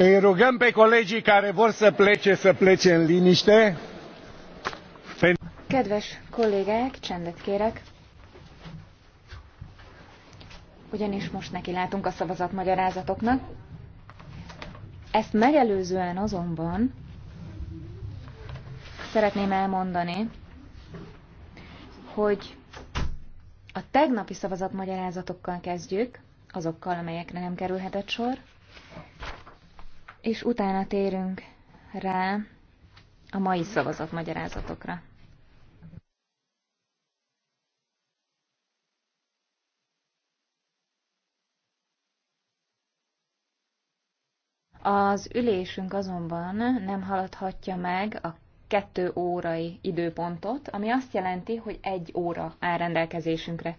Îi rugăm pe colegii care vor să plece să plece în liniște. Kedves kollégák, csendet kérek. Ugyanis most neki látunk a magyarázatoknak? Ezt megelőzően azonban szeretném elmondani, hogy a tegnapi szavazatmagyarázatokkal kezdjük, azokkal, amelyekre nem kerülhetett sor, és utána térünk rá a mai szavazat magyarázatokra. Az ülésünk azonban nem haladhatja meg a kettő órai időpontot, ami azt jelenti, hogy egy óra áll rendelkezésünkre.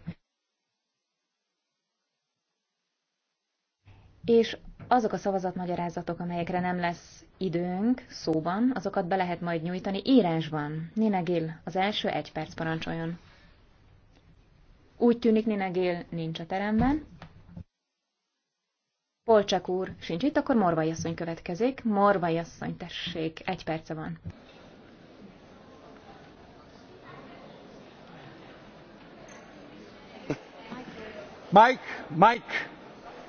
És azok a szavazatmagyarázatok, amelyekre nem lesz időnk szóban, azokat be lehet majd nyújtani írásban. Ninegil, az első egy perc parancsoljon. Úgy tűnik, Ninegil nincs a teremben. Polcsak úr sincs itt, akkor Morvai asszony következik. Morvai asszony, tessék, egy perce van. Mike, Mike,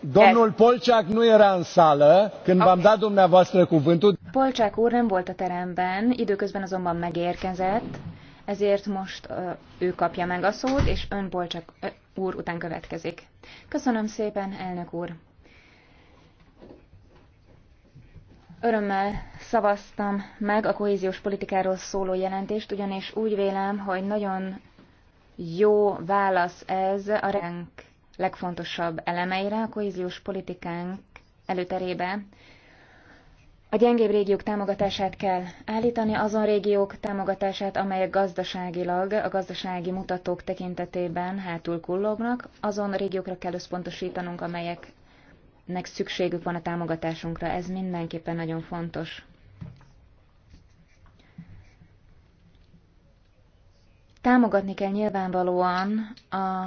Domnul Polcsák nu era în sală când okay. v-am dat dumneavoastră cuvântul. Polcsák úr nem volt a teremben, időközben azonban megérkezett, ezért most uh, ő kapja meg a szót, és ön Polcsák uh, úr után következik. Köszönöm szépen, elnök úr. Örömmel szavaztam meg a kohéziós politikáról szóló jelentést, ugyanis úgy vélem, hogy nagyon jó válasz ez a rend legfontosabb elemeire a kohéziós politikánk előterébe. A gyengébb régiók támogatását kell állítani, azon régiók támogatását, amelyek gazdaságilag, a gazdasági mutatók tekintetében hátul kullognak, azon régiókra kell összpontosítanunk, amelyeknek szükségük van a támogatásunkra. Ez mindenképpen nagyon fontos. Támogatni kell nyilvánvalóan a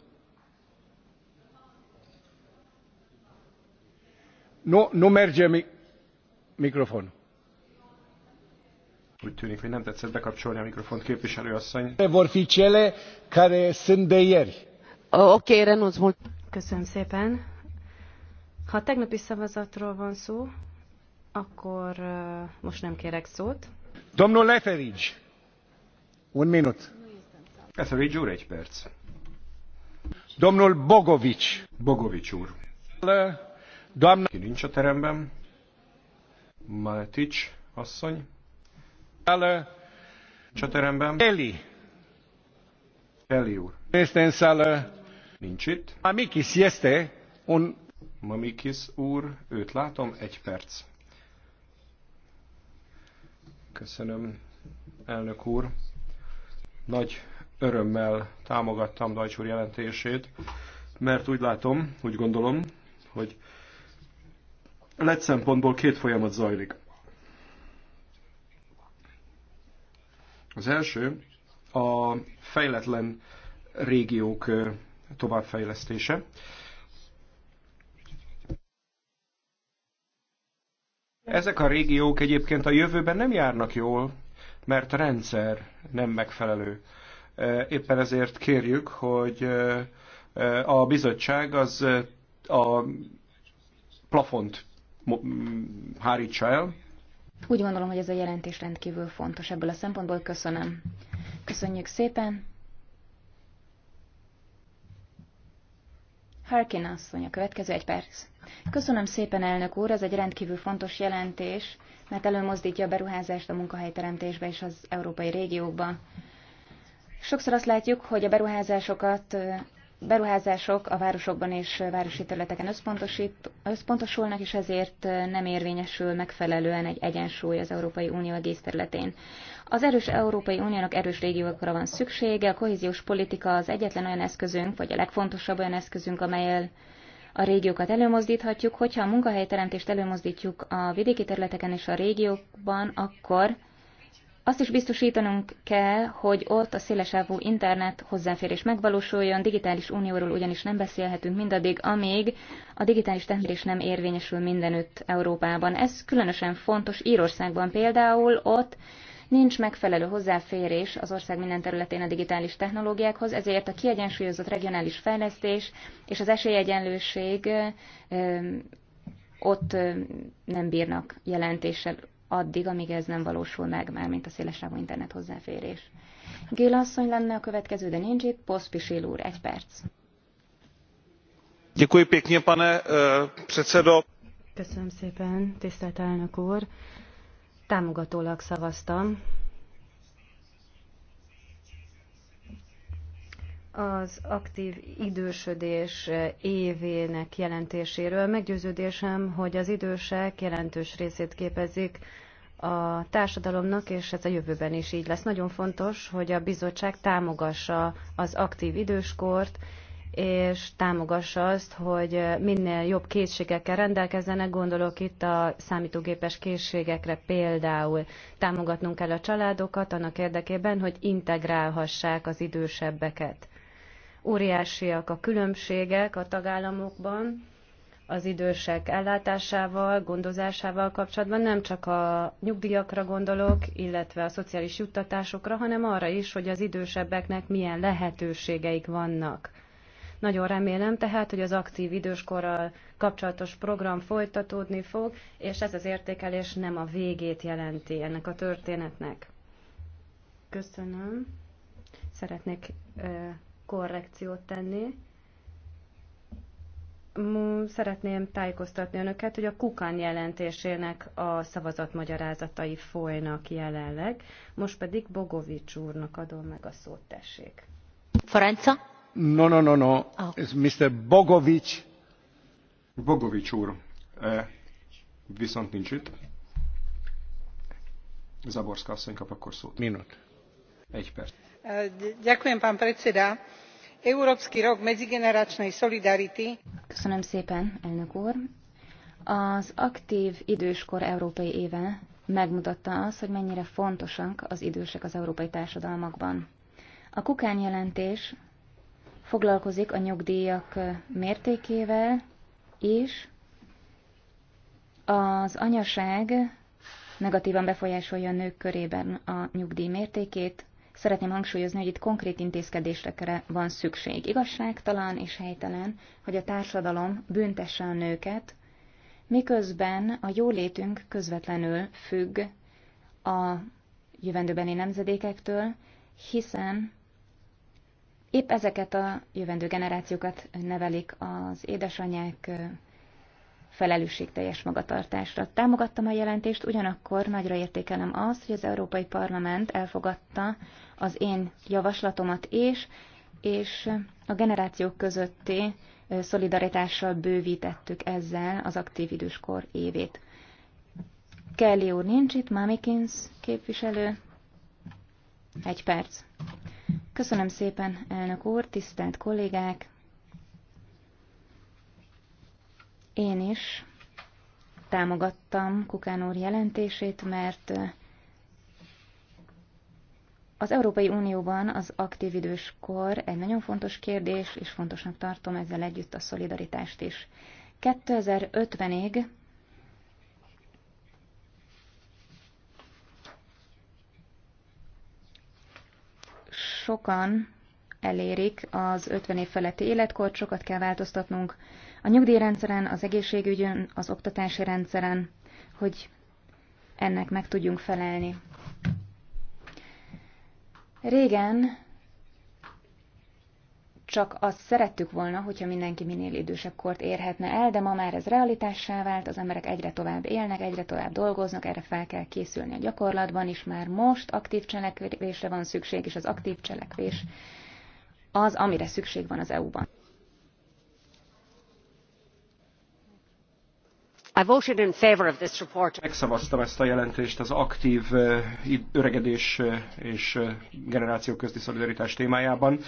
No, no merge mi mikrofon. Úgy tűnik, hogy nem tetszett bekapcsolni a mikrofont képviselőasszony. Vorficele care sunt de ieri. Oké, renunț mult. Köszönöm szépen. Ha a tegnapi szavazatról van szó, akkor uh, most nem kérek szót. Domnul Leferidzs, un minut. Leferidzs úr, egy perc. Domnul Bogovics. Bogovics úr. Le Doamna... Ki nincs a teremben. Maletics asszony. Elő. Nincs a teremben. Eli. Eli úr. Este Nincs itt. Mamikis este un... Mamikis úr, őt látom, egy perc. Köszönöm, elnök úr. Nagy örömmel támogattam Dajcsúr jelentését, mert úgy látom, úgy gondolom, hogy lett szempontból két folyamat zajlik. Az első a fejletlen régiók továbbfejlesztése. Ezek a régiók egyébként a jövőben nem járnak jól, mert a rendszer nem megfelelő. Éppen ezért kérjük, hogy a bizottság az a plafont hárítsa el. Úgy gondolom, hogy ez a jelentés rendkívül fontos ebből a szempontból. Köszönöm. Köszönjük szépen. Harkin asszony, a következő egy perc. Köszönöm szépen, elnök úr, ez egy rendkívül fontos jelentés, mert előmozdítja a beruházást a munkahelyteremtésbe és az európai régiókba. Sokszor azt látjuk, hogy a beruházásokat beruházások a városokban és városi területeken összpontosít, összpontosulnak, és ezért nem érvényesül megfelelően egy egyensúly az Európai Unió egész területén. Az erős Európai Uniónak erős régiókra van szüksége, a kohéziós politika az egyetlen olyan eszközünk, vagy a legfontosabb olyan eszközünk, amelyel a régiókat előmozdíthatjuk, hogyha a munkahelyteremtést előmozdítjuk a vidéki területeken és a régiókban, akkor azt is biztosítanunk kell, hogy ott a szélesávú internet hozzáférés megvalósuljon, digitális unióról ugyanis nem beszélhetünk mindaddig, amíg a digitális teherés nem érvényesül mindenütt Európában. Ez különösen fontos Írországban például, ott nincs megfelelő hozzáférés az ország minden területén a digitális technológiákhoz, ezért a kiegyensúlyozott regionális fejlesztés és az esélyegyenlőség ott nem bírnak jelentéssel addig, amíg ez nem valósul meg, már mint a szélesávú internet hozzáférés. Géla asszony lenne a következő, de nincs itt. Poszpisil úr, egy perc. Děkuji pěkně, pane eh, předsedo. Köszönöm szépen, tisztelt elnök úr. Támogatólag szavaztam az aktív idősödés évének jelentéséről. Meggyőződésem, hogy az idősek jelentős részét képezik a társadalomnak, és ez a jövőben is így lesz. Nagyon fontos, hogy a bizottság támogassa az aktív időskort, és támogassa azt, hogy minél jobb készségekkel rendelkezzenek, gondolok itt a számítógépes készségekre például. Támogatnunk kell a családokat annak érdekében, hogy integrálhassák az idősebbeket. Óriásiak a különbségek a tagállamokban, az idősek ellátásával, gondozásával kapcsolatban nem csak a nyugdíjakra gondolok, illetve a szociális juttatásokra, hanem arra is, hogy az idősebbeknek milyen lehetőségeik vannak. Nagyon remélem tehát, hogy az aktív időskorral kapcsolatos program folytatódni fog, és ez az értékelés nem a végét jelenti ennek a történetnek. Köszönöm. Szeretnék korrekciót tenni. Szeretném tájékoztatni önöket, hogy a Kukán jelentésének a szavazatmagyarázatai folynak jelenleg, most pedig Bogovics úrnak adom meg a szót, tessék. Ferenca? No, no, no, no. Oh. Ez Mr. Bogovics. Bogovics úr. Eh, viszont nincs itt. Zaborszka asszony kap akkor szót. Minut. Egy perc európsky rok medzigeneračnej solidarity az aktv időskor európai éve megmutatta azt, hogy mennyire fontosak az idősek az európai társadalmakban. A Kukán jelentés foglalkozik a nyugdíjak mértékével és az anyaság negatívan befolyásolja a nők körében a nyugdíj mértékét, Szeretném hangsúlyozni, hogy itt konkrét intézkedésekre van szükség. Igazságtalan és helytelen, hogy a társadalom büntesse a nőket, miközben a jólétünk közvetlenül függ a jövendőbeni nemzedékektől, hiszen épp ezeket a jövendő generációkat nevelik az édesanyák, felelősségteljes magatartásra. Támogattam a jelentést, ugyanakkor nagyra értékelem azt, hogy az Európai Parlament elfogadta az én javaslatomat és, és a generációk közötti szolidaritással bővítettük ezzel az aktív időskor évét. Kelly úr nincs itt, Mamikins képviselő. Egy perc. Köszönöm szépen, elnök úr, tisztelt kollégák! Én is támogattam Kukán úr jelentését, mert az Európai Unióban az aktív időskor egy nagyon fontos kérdés, és fontosnak tartom ezzel együtt a szolidaritást is. 2050-ig sokan elérik az 50 év feletti életkort, sokat kell változtatnunk a nyugdíjrendszeren, az egészségügyön, az oktatási rendszeren, hogy ennek meg tudjunk felelni. Régen csak azt szerettük volna, hogyha mindenki minél idősebb kort érhetne el, de ma már ez realitássá vált, az emberek egyre tovább élnek, egyre tovább dolgoznak, erre fel kell készülni a gyakorlatban, és már most aktív cselekvésre van szükség, és az aktív cselekvés az, amire szükség van az EU-ban. Megszavaztam ezt a jelentést az aktív öregedés és generációk közti szolidaritás témájában.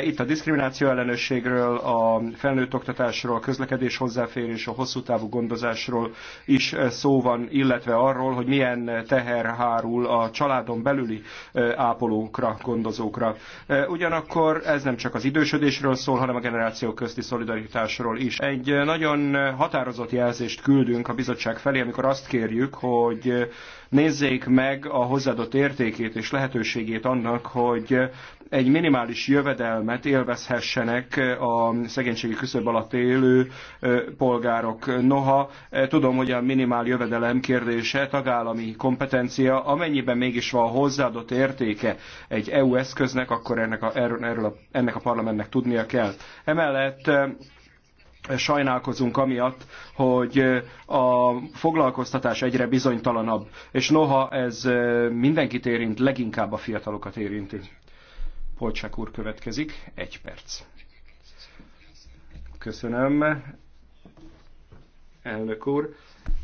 Itt a diszkrimináció ellenőrségről, a felnőtt oktatásról, a közlekedés hozzáférés, a hosszú távú gondozásról is szó van, illetve arról, hogy milyen teher hárul a családon belüli ápolókra, gondozókra. Ugyanakkor ez nem csak az idősödésről szól, hanem a generációk közti szolidaritásról is. Egy nagyon határozott jelentés visszajelzést küldünk a bizottság felé, amikor azt kérjük, hogy nézzék meg a hozzáadott értékét és lehetőségét annak, hogy egy minimális jövedelmet élvezhessenek a szegénységi küszöb alatt élő polgárok. Noha tudom, hogy a minimál jövedelem kérdése tagállami kompetencia, amennyiben mégis van hozzáadott értéke egy EU eszköznek, akkor ennek a, erről, erről a, ennek a parlamentnek tudnia kell. Emellett sajnálkozunk amiatt, hogy a foglalkoztatás egyre bizonytalanabb, és noha ez mindenkit érint, leginkább a fiatalokat érinti. Polcsák úr következik, egy perc. Köszönöm, elnök úr.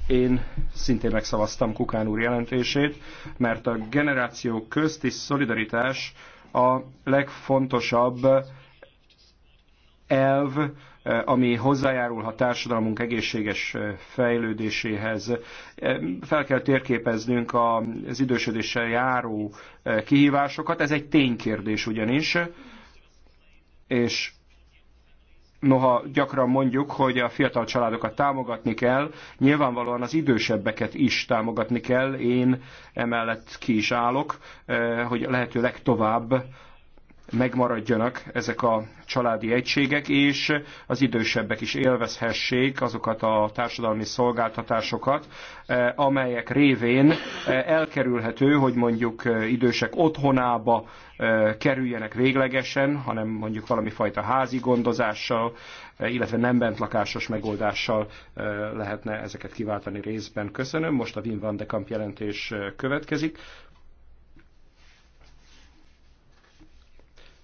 Én szintén megszavaztam Kukán úr jelentését, mert a generáció közti szolidaritás a legfontosabb elv, Eh, ami hozzájárulhat társadalmunk egészséges eh, fejlődéséhez. Eh, fel kell térképeznünk az idősödéssel járó kihívásokat, ez egy ténykérdés ugyanis, és noha gyakran mondjuk, hogy a fiatal családokat támogatni kell, nyilvánvalóan az idősebbeket is támogatni kell, én emellett ki is állok, hogy lehető legtovább megmaradjanak ezek a családi egységek, és az idősebbek is élvezhessék azokat a társadalmi szolgáltatásokat, eh, amelyek révén eh, elkerülhető, hogy mondjuk eh, idősek otthonába kerüljenek véglegesen, hanem mondjuk valami fajta házi gondozással, illetve nem bentlakásos megoldással lehetne ezeket kiváltani részben. Köszönöm. Most a Wim van de Kamp jelentés következik.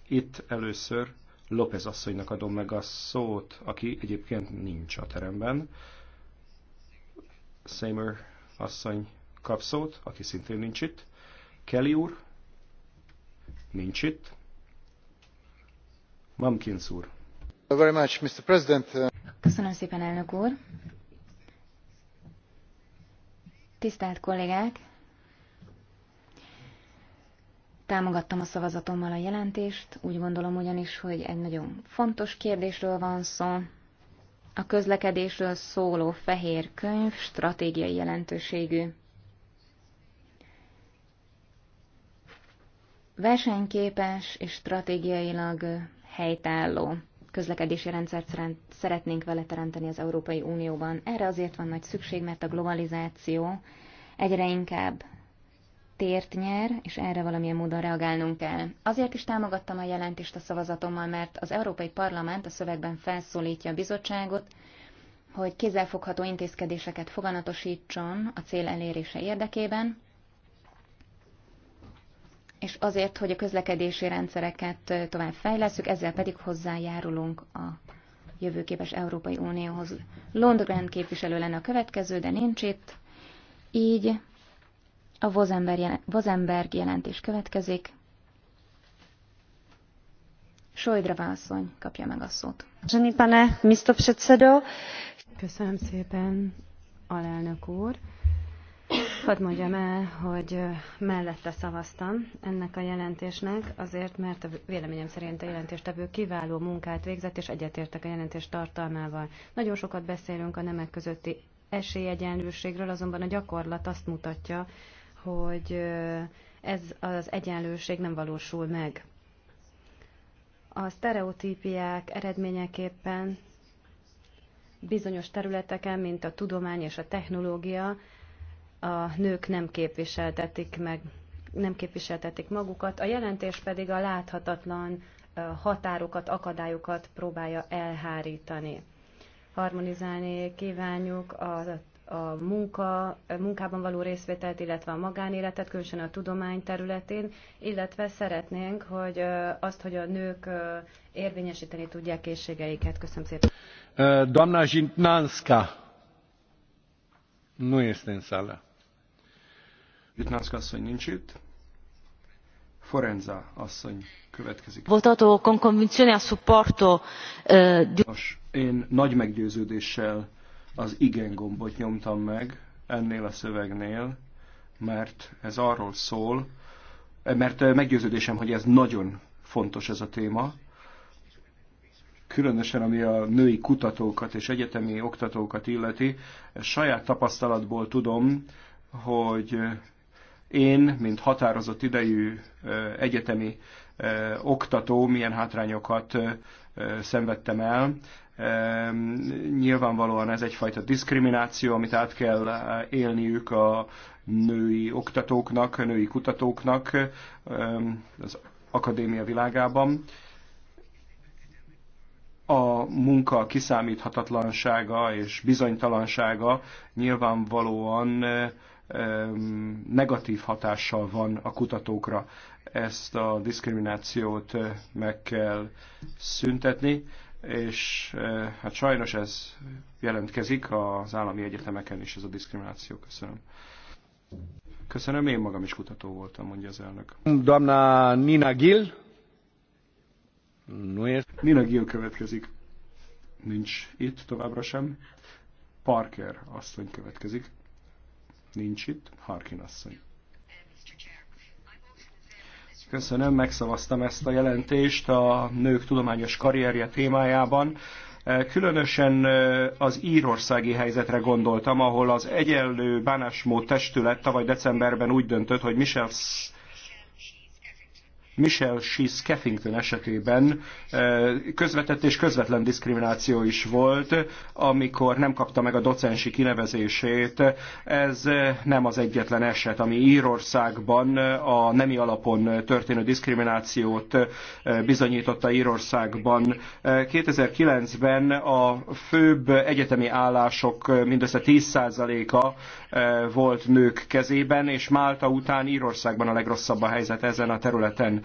Itt először López asszonynak adom meg a szót, aki egyébként nincs a teremben. Seymour asszony kap szót, aki szintén nincs itt. Kelly úr nincs itt. Mamkins úr. Very much, Mr. President. Köszönöm szépen, elnök úr. Tisztelt kollégák, Támogattam a szavazatommal a jelentést, úgy gondolom ugyanis, hogy egy nagyon fontos kérdésről van szó. A közlekedésről szóló fehér könyv stratégiai jelentőségű. Versenyképes és stratégiailag helytálló közlekedési rendszert szeretnénk vele teremteni az Európai Unióban. Erre azért van nagy szükség, mert a globalizáció egyre inkább tért nyer, és erre valamilyen módon reagálnunk kell. Azért is támogattam a jelentést a szavazatommal, mert az Európai Parlament a szövegben felszólítja a bizottságot, hogy kézzelfogható intézkedéseket foganatosítson a cél elérése érdekében, és azért, hogy a közlekedési rendszereket tovább fejleszünk, ezzel pedig hozzájárulunk a jövőképes Európai Unióhoz. Londgren képviselő lenne a következő, de nincs itt. Így a Vozember Vozemberg jelentés következik. Sojdra asszony kapja meg a szót. pane misto předsedo. Köszönöm szépen, alelnök úr. Hadd mondjam el, hogy mellette szavaztam ennek a jelentésnek, azért, mert a véleményem szerint a jelentéstevő kiváló munkát végzett, és egyetértek a jelentés tartalmával. Nagyon sokat beszélünk a nemek közötti esélyegyenlőségről, azonban a gyakorlat azt mutatja, hogy ez az egyenlőség nem valósul meg. A sztereotípiák eredményeképpen bizonyos területeken, mint a tudomány és a technológia, a nők nem képviseltetik meg, nem képviseltetik magukat, a jelentés pedig a láthatatlan határokat, akadályokat próbálja elhárítani. Harmonizálni kívánjuk a a munka, munkában való részvételt, illetve a magánéletet, különösen a tudomány területén, illetve szeretnénk, hogy azt, hogy a nők érvényesíteni tudják készségeiket. Köszönöm szépen. Doamna Zsintnánszka. Nu este în sală. Zsintnánszka asszony nincs itt. Forenza asszony következik. Votato con convinzione a supporto. Eh, di... Én nagy meggyőződéssel az igen gombot nyomtam meg ennél a szövegnél, mert ez arról szól, eh, mert eh, meggyőződésem, hogy ez nagyon fontos ez a téma, különösen ami a női kutatókat és egyetemi oktatókat illeti. Eh, saját tapasztalatból tudom, hogy én, mint határozott idejű egyetemi oktató, milyen hátrányokat szenvedtem el. Nyilvánvalóan ez egyfajta diszkrimináció, amit át kell élniük a női oktatóknak, női kutatóknak az akadémia világában. A munka kiszámíthatatlansága és bizonytalansága nyilvánvalóan negatív hatással van a kutatókra ezt a diszkriminációt meg kell szüntetni, és hát sajnos ez jelentkezik az állami egyetemeken is ez a diszkrimináció. Köszönöm. Köszönöm, én magam is kutató voltam, mondja az elnök. Damna Nina Gill. E- Nina Gill következik. Nincs itt továbbra sem. Parker asszony következik. Nincs itt. Harkin asszony. Köszönöm, megszavaztam ezt a jelentést a nők tudományos karrierje témájában. Különösen az írországi helyzetre gondoltam, ahol az egyenlő bánásmód testület tavaly decemberben úgy döntött, hogy Michel Michelle She Skeffington esetében eh, közvetett és közvetlen diszkrimináció is volt, amikor nem kapta meg a docensi kinevezését. Ez eh, nem az egyetlen eset, ami Írországban eh, a nemi alapon történő diszkriminációt bizonyította Írországban. 2009-ben a főbb egyetemi állások mindössze 10%-a volt nők kezében, és Málta után Írországban a legrosszabb a helyzet ezen a területen.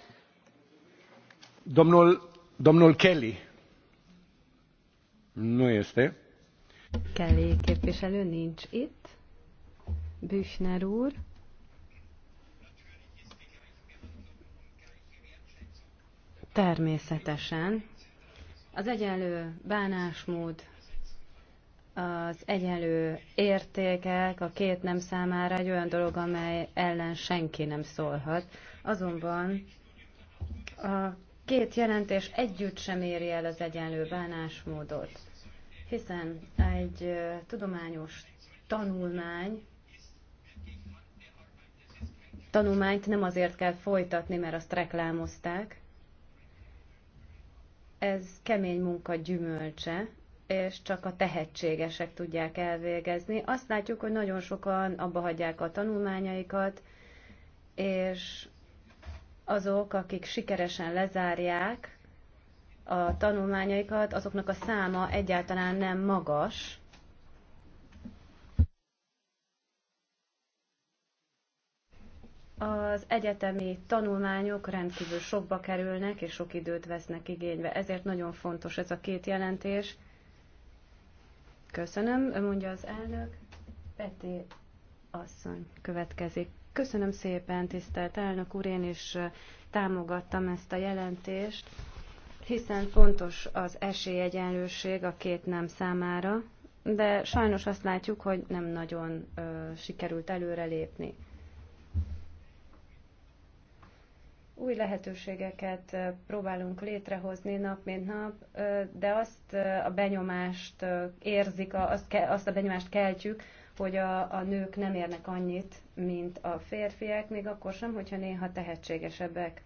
Domnul, Kelly. Nu este. Kelly képviselő nincs itt. Büchner úr. Természetesen. Az egyenlő bánásmód, az egyenlő értékek a két nem számára egy olyan dolog, amely ellen senki nem szólhat. Azonban a két jelentés együtt sem éri el az egyenlő bánásmódot, hiszen egy tudományos tanulmány tanulmányt nem azért kell folytatni, mert azt reklámozták. Ez kemény munka gyümölcse, és csak a tehetségesek tudják elvégezni. Azt látjuk, hogy nagyon sokan abba hagyják a tanulmányaikat, és azok, akik sikeresen lezárják a tanulmányaikat, azoknak a száma egyáltalán nem magas. Az egyetemi tanulmányok rendkívül sokba kerülnek, és sok időt vesznek igénybe. Ezért nagyon fontos ez a két jelentés. Köszönöm, mondja az elnök. Peti asszony következik. Köszönöm szépen, tisztelt elnök úr, én is támogattam ezt a jelentést, hiszen fontos az esélyegyenlőség a két nem számára, de sajnos azt látjuk, hogy nem nagyon ö, sikerült előrelépni. Új lehetőségeket próbálunk létrehozni nap mint nap, de azt a benyomást érzik, azt a benyomást keltjük, hogy a, a nők nem érnek annyit, mint a férfiak, még akkor sem, hogyha néha tehetségesebbek.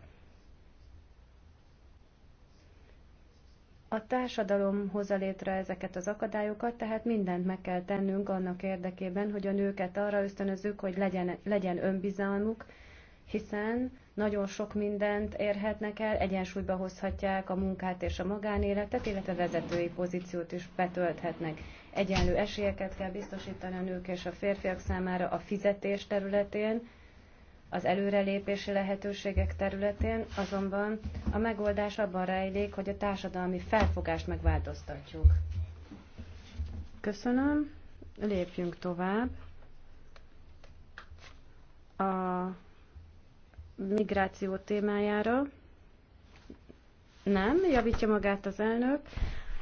A társadalom hozza létre ezeket az akadályokat, tehát mindent meg kell tennünk annak érdekében, hogy a nőket arra ösztönözzük, hogy legyen, legyen önbizalmuk, hiszen nagyon sok mindent érhetnek el, egyensúlyba hozhatják a munkát és a magánéletet, illetve vezetői pozíciót is betölthetnek egyenlő esélyeket kell biztosítani a nők és a férfiak számára a fizetés területén, az előrelépési lehetőségek területén, azonban a megoldás abban rejlik, hogy a társadalmi felfogást megváltoztatjuk. Köszönöm, lépjünk tovább. A migráció témájára. Nem, javítja magát az elnök.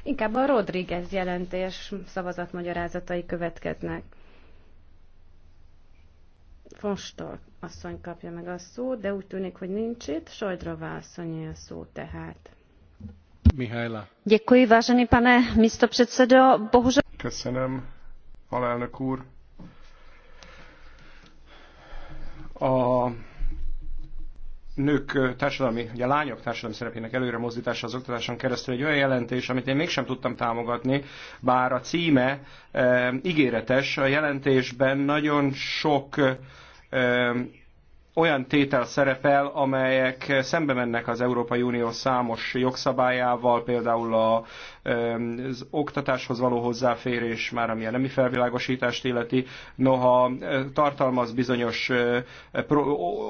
Inkább a Rodriguez jelentés szavazatmagyarázatai következnek. Fonstor asszony kapja meg a szót, de úgy tűnik, hogy nincs itt. Sojdrova asszonyi a szó tehát. Mihályla. Děkuji, vážený pane místopředsedo. Bohužel... Köszönöm, alelnök úr. A nők társadalmi, ugye a lányok társadalmi szerepének előre mozdítása az oktatáson keresztül egy olyan jelentés, amit én mégsem tudtam támogatni, bár a címe e, ígéretes, a jelentésben nagyon sok e, olyan tétel szerepel, amelyek szembe mennek az Európai Unió számos jogszabályával, például a az oktatáshoz való hozzáférés, már ami a nemi felvilágosítást illeti, noha tartalmaz bizonyos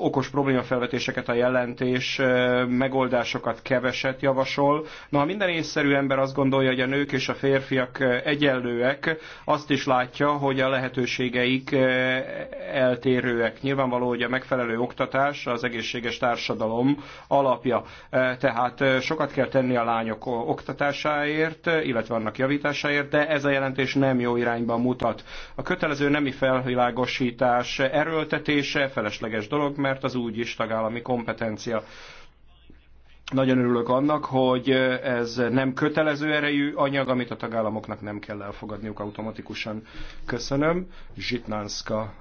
okos problémafelvetéseket a jelentés, megoldásokat keveset javasol. Noha minden észszerű ember azt gondolja, hogy a nők és a férfiak egyenlőek, azt is látja, hogy a lehetőségeik eltérőek. Nyilvánvaló, hogy a megfelelő oktatás az egészséges társadalom alapja. Tehát sokat kell tenni a lányok oktatásáért, javításáért, illetve annak javításáért, de ez a jelentés nem jó irányba mutat. A kötelező nemi felvilágosítás erőltetése felesleges dolog, mert az úgyis tagállami kompetencia. Nagyon örülök annak, hogy ez nem kötelező erejű anyag, amit a tagállamoknak nem kell elfogadniuk automatikusan. Köszönöm. Zsitnánszka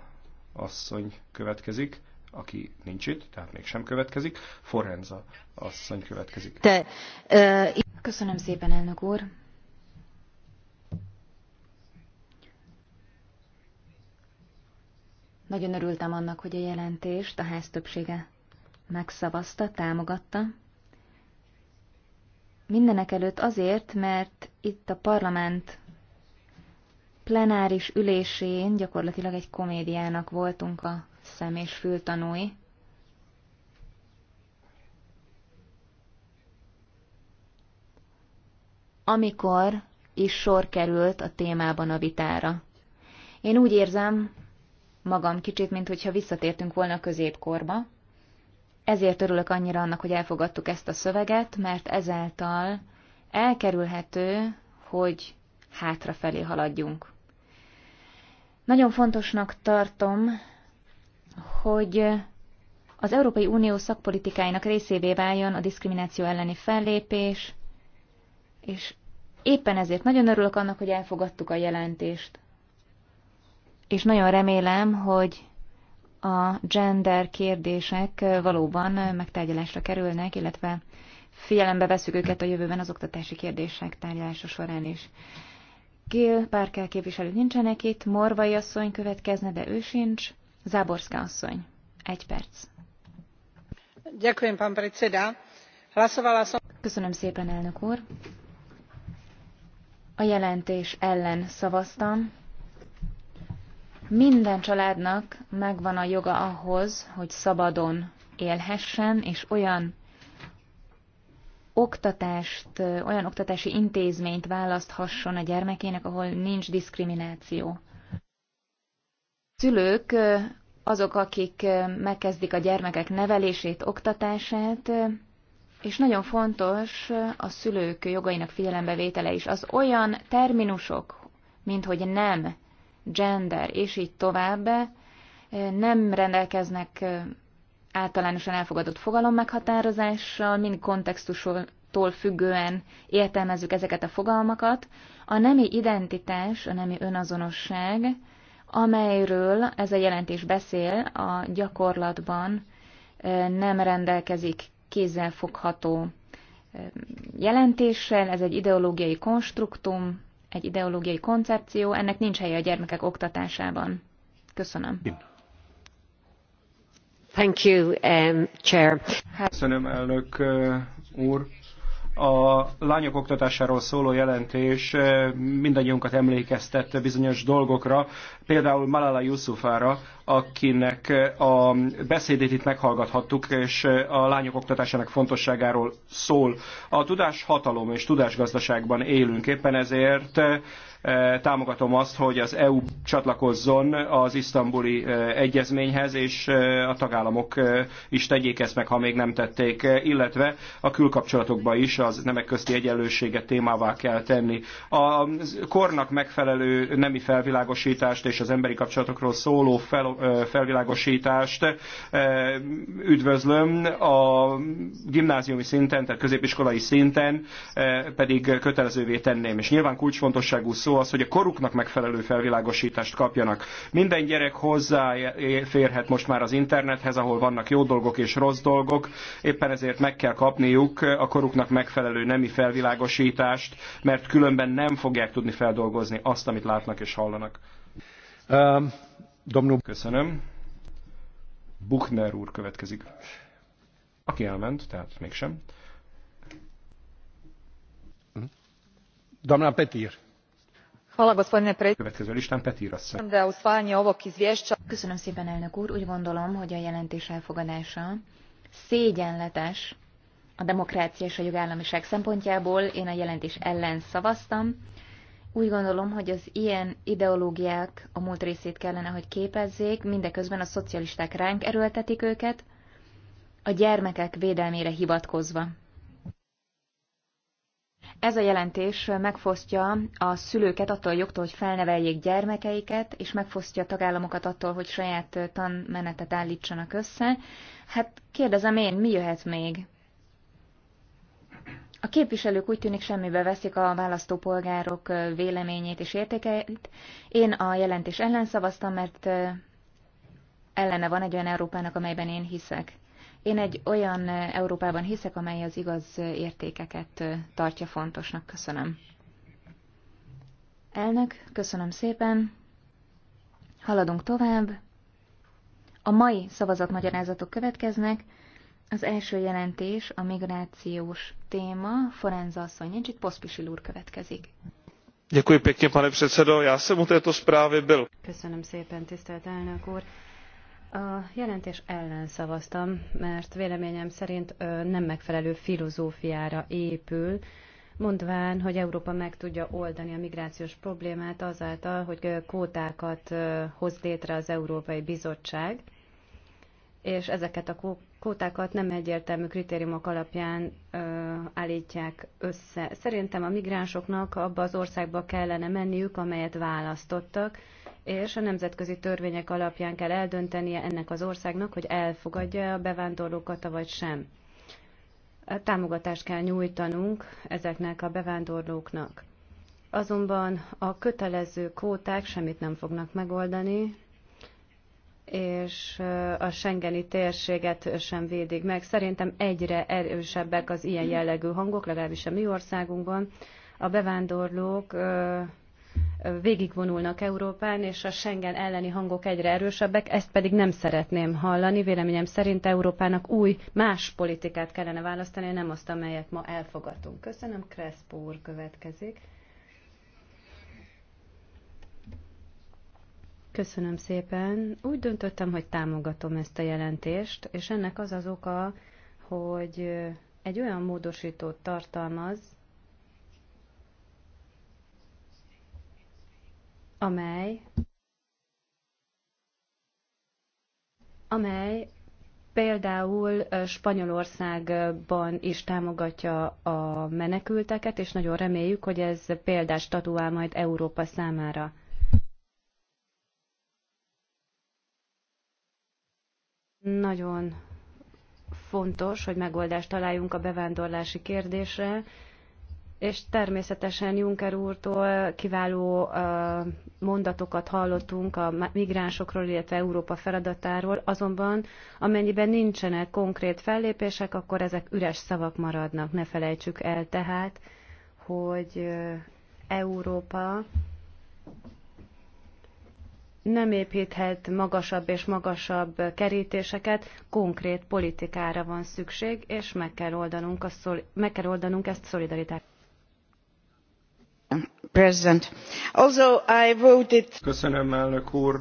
asszony következik, aki nincs itt, tehát mégsem következik. Forenza asszony következik. Te, uh, Köszönöm szépen, elnök úr. Nagyon örültem annak, hogy a jelentést a ház többsége megszavazta, támogatta. Mindenek előtt azért, mert itt a parlament plenáris ülésén gyakorlatilag egy komédiának voltunk a szem és fültanúi. amikor is sor került a témában a vitára. Én úgy érzem magam kicsit, mintha visszatértünk volna a középkorba, ezért örülök annyira annak, hogy elfogadtuk ezt a szöveget, mert ezáltal elkerülhető, hogy hátrafelé haladjunk. Nagyon fontosnak tartom, hogy az Európai Unió szakpolitikáinak részévé váljon a diszkrimináció elleni fellépés, és éppen ezért nagyon örülök annak, hogy elfogadtuk a jelentést. És nagyon remélem, hogy a gender kérdések valóban megtárgyalásra kerülnek, illetve figyelembe veszük őket a jövőben az oktatási kérdések tárgyalása során is. Gil Párkel képviselő nincsenek itt, Morvai asszony következne, de ő sincs. Záborszka asszony. Egy perc. Köszönöm szépen, elnök úr a jelentés ellen szavaztam. Minden családnak megvan a joga ahhoz, hogy szabadon élhessen, és olyan oktatást, olyan oktatási intézményt választhasson a gyermekének, ahol nincs diszkrimináció. Szülők azok, akik megkezdik a gyermekek nevelését, oktatását, és nagyon fontos a szülők jogainak figyelembevétele is. Az olyan terminusok, mint hogy nem, gender és így tovább, nem rendelkeznek általánosan elfogadott fogalom meghatározással, mind kontextustól függően értelmezzük ezeket a fogalmakat. A nemi identitás, a nemi önazonosság, amelyről ez a jelentés beszél, a gyakorlatban nem rendelkezik kézzelfogható jelentéssel, ez egy ideológiai konstruktum, egy ideológiai koncepció, ennek nincs helye a gyermekek oktatásában. Köszönöm. Thank you, um, chair. Hát- Köszönöm, elnök uh, úr. A lányok oktatásáról szóló jelentés eh, mindannyiunkat emlékeztet bizonyos dolgokra, például Malala Yusufára, akinek eh, a beszédét itt meghallgathattuk, és eh, a lányok oktatásának fontosságáról szól. A tudás hatalom és tudásgazdaságban élünk, éppen ezért Eh, támogatom azt, hogy az EU csatlakozzon az isztambuli eh, egyezményhez, és eh, a tagállamok is tegyék ezt meg, ha még nem tették, illetve a külkapcsolatokban is az nemek közti egyenlőséget témává kell tenni. A kornak megfelelő nemi felvilágosítást és az emberi kapcsolatokról szóló fel, felvilágosítást üdvözlöm. A gimnáziumi szinten, tehát középiskolai szinten pedig kötelezővé tenném. És nyilván kulcsfontosságú szó szó az, hogy a koruknak megfelelő felvilágosítást kapjanak. Minden gyerek hozzáférhet most már az internethez, ahol vannak jó dolgok és rossz dolgok, éppen ezért meg kell kapniuk a koruknak megfelelő nemi felvilágosítást, mert különben nem fogják tudni feldolgozni azt, amit látnak és hallanak. Um, Köszönöm. Buchner úr következik. Aki elment, tehát mégsem. Doamna Petir gospodine predsjednie úgy gondolom hogy a jelentés elfogadása szégyenletes a demokrácia és a jogállamiság szempontjából. én a jelentés ellen szavaztam. úgy gondolom hogy az ilyen ideológiák a múlt részét kellene hogy képezzék mindeközben a szocialisták ránk erőltetik őket a gyermekek védelmére hivatkozva. Ez a jelentés megfosztja a szülőket attól a jogtól, hogy felneveljék gyermekeiket, és megfosztja a tagállamokat attól, hogy saját tanmenetet állítsanak össze. Hát kérdezem én, mi jöhet még? A képviselők úgy tűnik semmibe veszik a választópolgárok véleményét és értékeit. Én a jelentés ellen szavaztam, mert ellene van egy olyan Európának, amelyben én hiszek. Én egy olyan Európában hiszek, amely az igaz értékeket tartja fontosnak. Köszönöm. Elnök, köszönöm szépen. Haladunk tovább. A mai szavazatmagyarázatok következnek. Az első jelentés a migrációs téma. Forenza asszony egy Poszpisil úr következik. Děkuji pěkně, pane předsedo. Já jsem u této zprávy byl. Köszönöm szépen, tisztelt elnök úr. A jelentés ellen szavaztam, mert véleményem szerint nem megfelelő filozófiára épül, mondván, hogy Európa meg tudja oldani a migrációs problémát azáltal, hogy kvótákat hoz létre az Európai Bizottság, és ezeket a kótákat nem egyértelmű kritériumok alapján ö, állítják össze. Szerintem a migránsoknak abba az országba kellene menniük, amelyet választottak, és a nemzetközi törvények alapján kell eldöntenie ennek az országnak, hogy elfogadja a bevándorlókat, vagy sem. Támogatást kell nyújtanunk ezeknek a bevándorlóknak. Azonban a kötelező kóták semmit nem fognak megoldani, és a Schengeni térséget sem védik meg. Szerintem egyre erősebbek az ilyen jellegű hangok, legalábbis a mi országunkban. A bevándorlók végigvonulnak Európán, és a Schengen elleni hangok egyre erősebbek, ezt pedig nem szeretném hallani. Véleményem szerint Európának új, más politikát kellene választani, nem azt, amelyet ma elfogadunk. Köszönöm, Kreszpó úr következik. Köszönöm szépen. Úgy döntöttem, hogy támogatom ezt a jelentést, és ennek az az oka, hogy egy olyan módosítót tartalmaz, amely amely például Spanyolországban is támogatja a menekülteket, és nagyon reméljük, hogy ez példás statuál majd Európa számára. Nagyon fontos, hogy megoldást találjunk a bevándorlási kérdésre, és természetesen Juncker úrtól kiváló mondatokat hallottunk a migránsokról, illetve Európa feladatáról, azonban amennyiben nincsenek konkrét fellépések, akkor ezek üres szavak maradnak. Ne felejtsük el tehát, hogy Európa nem építhet magasabb és magasabb kerítéseket, konkrét politikára van szükség, és meg kell oldanunk, a szoli- meg kell oldanunk ezt szolidaritást. President. Also I voted... Köszönöm, elnök úr.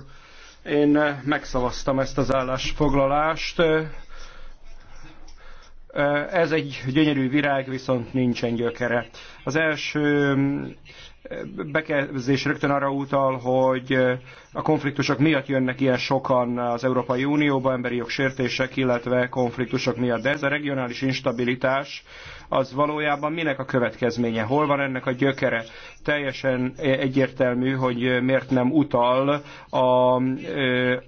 Én megszavaztam ezt az állásfoglalást. Ez egy gyönyörű virág, viszont nincsen gyökere. Az első bekezdés rögtön arra utal, hogy a konfliktusok miatt jönnek ilyen sokan az Európai Unióba, emberi jogsértések, illetve konfliktusok miatt. De ez a regionális instabilitás az valójában minek a következménye? Hol van ennek a gyökere? Teljesen egyértelmű, hogy miért nem utal a,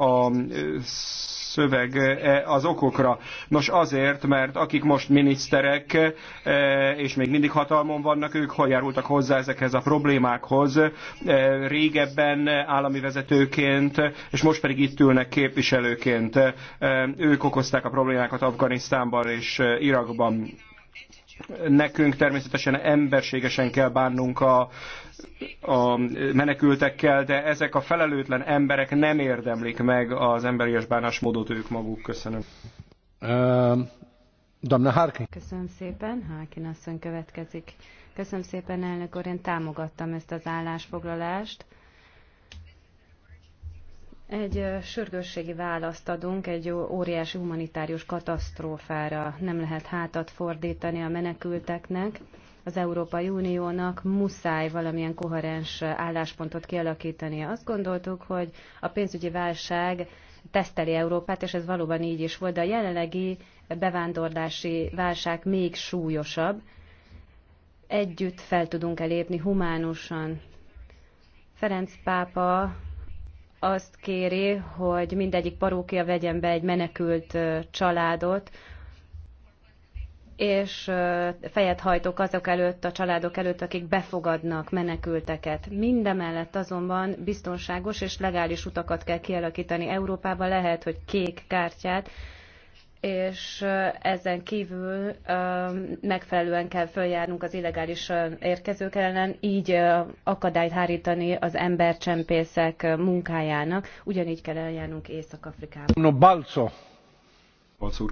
a szöveg az okokra. Nos azért, mert akik most miniszterek, eh, és még mindig hatalmon vannak, ők hogy járultak hozzá ezekhez a problémákhoz. Eh, régebben állami vezetőként, és most pedig itt ülnek képviselőként. Eh, ők okozták a problémákat Afganisztánban és Irakban nekünk természetesen emberségesen kell bánnunk a a menekültekkel, de ezek a felelőtlen emberek nem érdemlik meg az emberies bánásmódot ők maguk. Köszönöm. Ehm, Köszönöm szépen. Harkin asszony következik. Köszönöm szépen, elnök úr. Én támogattam ezt az állásfoglalást. Egy sürgősségi választ adunk egy óriási humanitárius katasztrófára. Nem lehet hátat fordítani a menekülteknek az Európai Uniónak muszáj valamilyen koherens álláspontot kialakítani. Azt gondoltuk, hogy a pénzügyi válság teszteli Európát, és ez valóban így is volt, de a jelenlegi bevándorlási válság még súlyosabb. Együtt fel tudunk elépni humánusan. Ferenc pápa azt kéri, hogy mindegyik parókia vegyen be egy menekült családot, és fejet hajtok azok előtt, a családok előtt, akik befogadnak menekülteket. Mindemellett azonban biztonságos és legális utakat kell kialakítani. Európában lehet, hogy kék kártyát, és ezen kívül megfelelően kell följárnunk az illegális érkezők ellen, így akadályt hárítani az embercsempészek munkájának. Ugyanígy kell eljárnunk Észak-Afrikában. No, balco. Balco úr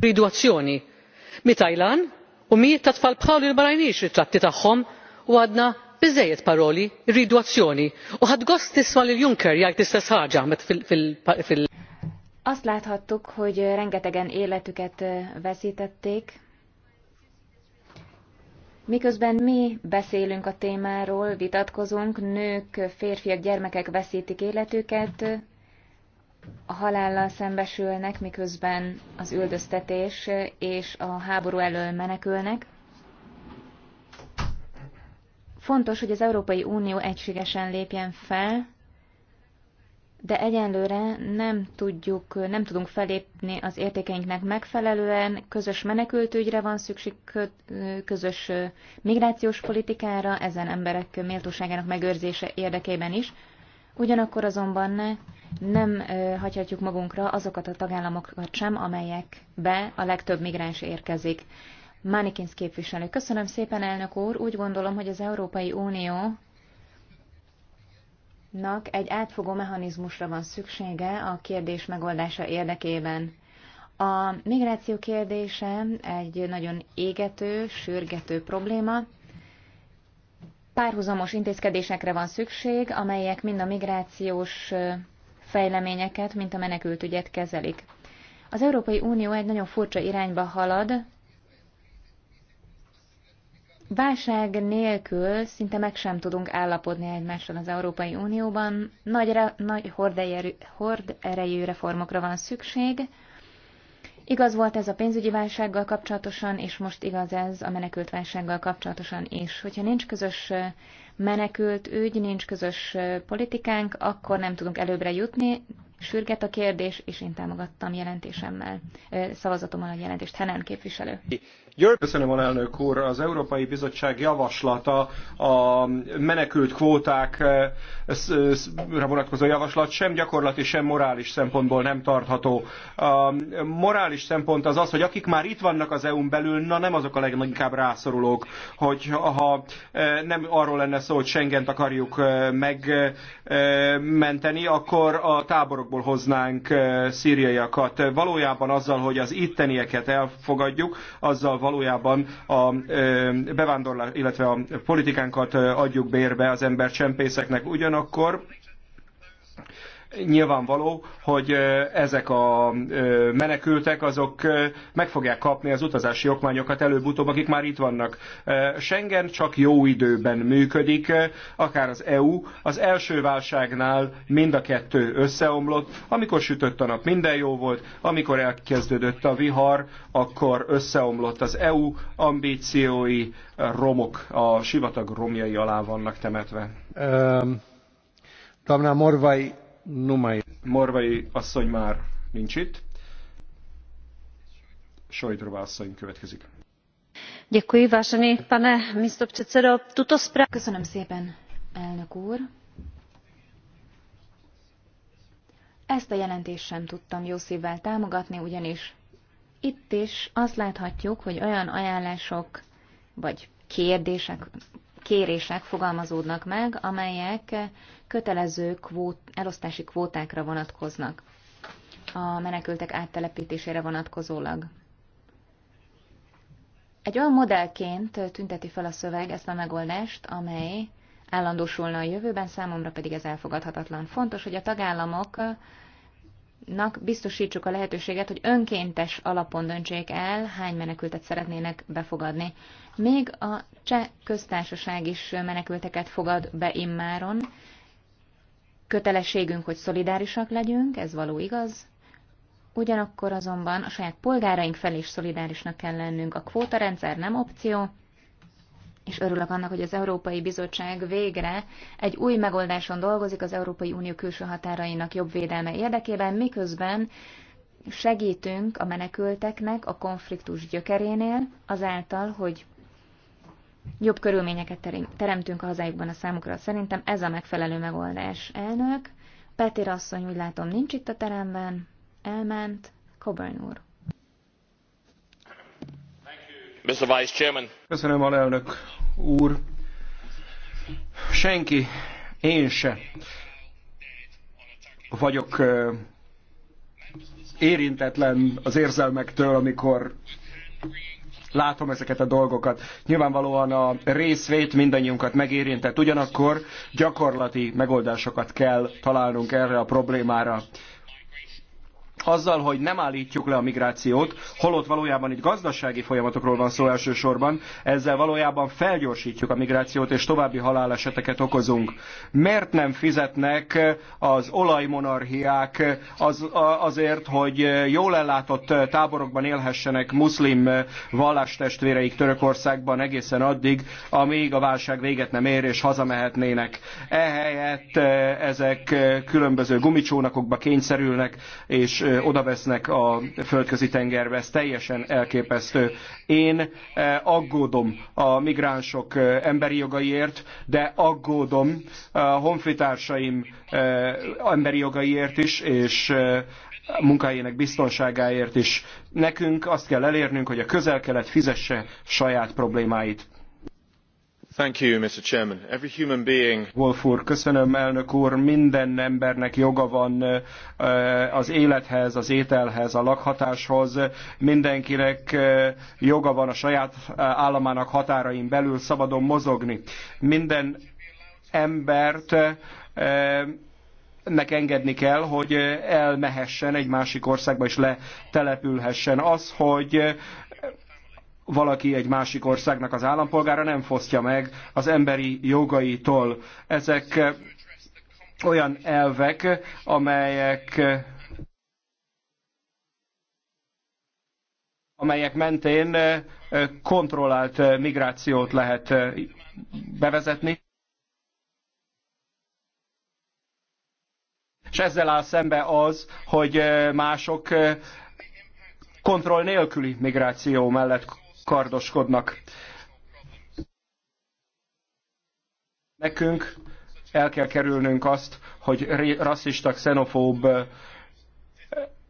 rridu azzjoni mitailan u mijiet ta' tfal bħalu li ma rajniex ritratti tagħhom u għandna biżżejjed paroli rridu u ħadt gost nisma' lil juncker jgħid l-istess ħaġa fil azt láthattuk, hogy rengetegen életüket veszítették, Miközben mi beszélünk a témáról, vitatkozunk, nők, férfiak, gyermekek veszítik életüket, a halállal szembesülnek, miközben az üldöztetés és a háború elől menekülnek. Fontos, hogy az Európai Unió egységesen lépjen fel, de egyenlőre nem tudjuk, nem tudunk felépni az értékeinknek megfelelően, közös menekültügyre van szükség, közös migrációs politikára, ezen emberek méltóságának megőrzése érdekében is. Ugyanakkor azonban ne nem hagyhatjuk magunkra azokat a tagállamokat sem, amelyekbe a legtöbb migráns érkezik. Mánikins képviselő. Köszönöm szépen, elnök úr. Úgy gondolom, hogy az Európai Unió egy átfogó mechanizmusra van szüksége a kérdés megoldása érdekében. A migráció kérdése egy nagyon égető, sürgető probléma. Párhuzamos intézkedésekre van szükség, amelyek mind a migrációs fejleményeket, mint a menekültügyet kezelik. Az Európai Unió egy nagyon furcsa irányba halad, Válság nélkül szinte meg sem tudunk állapodni egymással az Európai Unióban. Nagy, re, nagy horderejű, horderejű reformokra van szükség. Igaz volt ez a pénzügyi válsággal kapcsolatosan, és most igaz ez a menekült válsággal kapcsolatosan is. Hogyha nincs közös menekült ügy, nincs közös politikánk, akkor nem tudunk előbbre jutni. Sürget a kérdés, és én támogattam jelentésemmel, szavazatommal a jelentést. Henen képviselő. Köszönöm, elnök úr. Az Európai Bizottság javaslata a menekült kvótákra eh, vonatkozó javaslat sem gyakorlati, sem morális szempontból nem tartható. A morális szempont az az, hogy akik már itt vannak az EU-n belül, na nem azok a leginkább rászorulók, hogy ha eh, nem arról lenne szó, hogy Schengent akarjuk eh, megmenteni, akkor a táborokból hoznánk szíriaiakat. Valójában azzal, hogy az ittenieket elfogadjuk, azzal valójában a bevándorlás, illetve a politikánkat adjuk bérbe az embercsempészeknek. Ugyanakkor nyilvánvaló, hogy ezek a menekültek, azok meg fogják kapni az utazási okmányokat előbb-utóbb, akik már itt vannak. Schengen csak jó időben működik, akár az EU. Az első válságnál mind a kettő összeomlott. Amikor sütött a nap, minden jó volt. Amikor elkezdődött a vihar, akkor összeomlott az EU ambíciói, romok, a sivatag romjai alá vannak temetve. Um, Morvai Numai. Morvai asszony már nincs itt. Sojtrová asszony következik. Děkuji, vážený pane místopředsedo. Tuto zprávu... Köszönöm szépen, elnök úr. Ezt a jelentést sem tudtam jó szívvel támogatni, ugyanis itt is azt láthatjuk, hogy olyan ajánlások vagy kérdések kérések fogalmazódnak meg, amelyek kötelező kvót, elosztási kvótákra vonatkoznak a menekültek áttelepítésére vonatkozólag. Egy olyan modellként tünteti fel a szöveg ezt a megoldást, amely állandósulna a jövőben, számomra pedig ez elfogadhatatlan. Fontos, hogy a tagállamok nak biztosítsuk a lehetőséget, hogy önkéntes alapon döntsék el, hány menekültet szeretnének befogadni. Még a cseh köztársaság is menekülteket fogad be immáron. Kötelességünk, hogy szolidárisak legyünk, ez való igaz. Ugyanakkor azonban a saját polgáraink felé is szolidárisnak kell lennünk. A kvóta rendszer nem opció, és örülök annak, hogy az Európai Bizottság végre egy új megoldáson dolgozik az Európai Unió külső határainak jobb védelme érdekében, miközben segítünk a menekülteknek a konfliktus gyökerénél, azáltal, hogy jobb körülményeket teremtünk a hazájukban a számukra. Szerintem ez a megfelelő megoldás. Elnök, Petir asszony úgy látom nincs itt a teremben, elment, Coburn úr. Mr. Vice Chairman. Köszönöm, alelnök úr. Senki, én se vagyok érintetlen az érzelmektől, amikor látom ezeket a dolgokat. Nyilvánvalóan a részvét mindannyiunkat megérintett, ugyanakkor gyakorlati megoldásokat kell találnunk erre a problémára azzal, hogy nem állítjuk le a migrációt, holott valójában itt gazdasági folyamatokról van szó elsősorban, ezzel valójában felgyorsítjuk a migrációt és további haláleseteket okozunk. Miért nem fizetnek az olajmonarchiák az, azért, hogy jól ellátott táborokban élhessenek muszlim vallástestvéreik Törökországban egészen addig, amíg a válság véget nem ér és hazamehetnének. Ehelyett ezek különböző gumicsónakokba kényszerülnek, és odavesznek a földközi tengerbe, ez teljesen elképesztő. Én eh, aggódom a migránsok eh, emberi jogaiért, de aggódom eh, a honfitársaim emberi jogaiért is, és munkahelyének biztonságáért is. Nekünk azt kell elérnünk, hogy a közel-kelet fizesse saját problémáit. Being... Wolf úr, köszönöm, elnök úr. Minden embernek joga van az élethez, az ételhez, a lakhatáshoz. Mindenkinek joga van a saját államának határain belül szabadon mozogni. Minden embert nek engedni kell, hogy elmehessen egy másik országba és letelepülhessen. Az, hogy valaki egy másik országnak az állampolgára nem fosztja meg az emberi jogaitól. Ezek eh, olyan elvek, amelyek eh, amelyek mentén eh, kontrollált migrációt lehet bevezetni. És ezzel áll szembe az, hogy mások kontroll nélküli migráció mellett kardoskodnak. Nekünk el kell kerülnünk azt, hogy rasszista, xenofób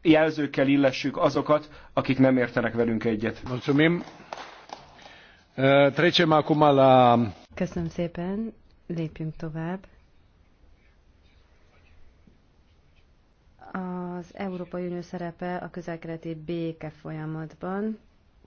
jelzőkkel illessük azokat, akik nem értenek velünk egyet. Köszönöm szépen, lépjünk tovább. Az Európai Unió szerepe a közelkeleti béke folyamatban.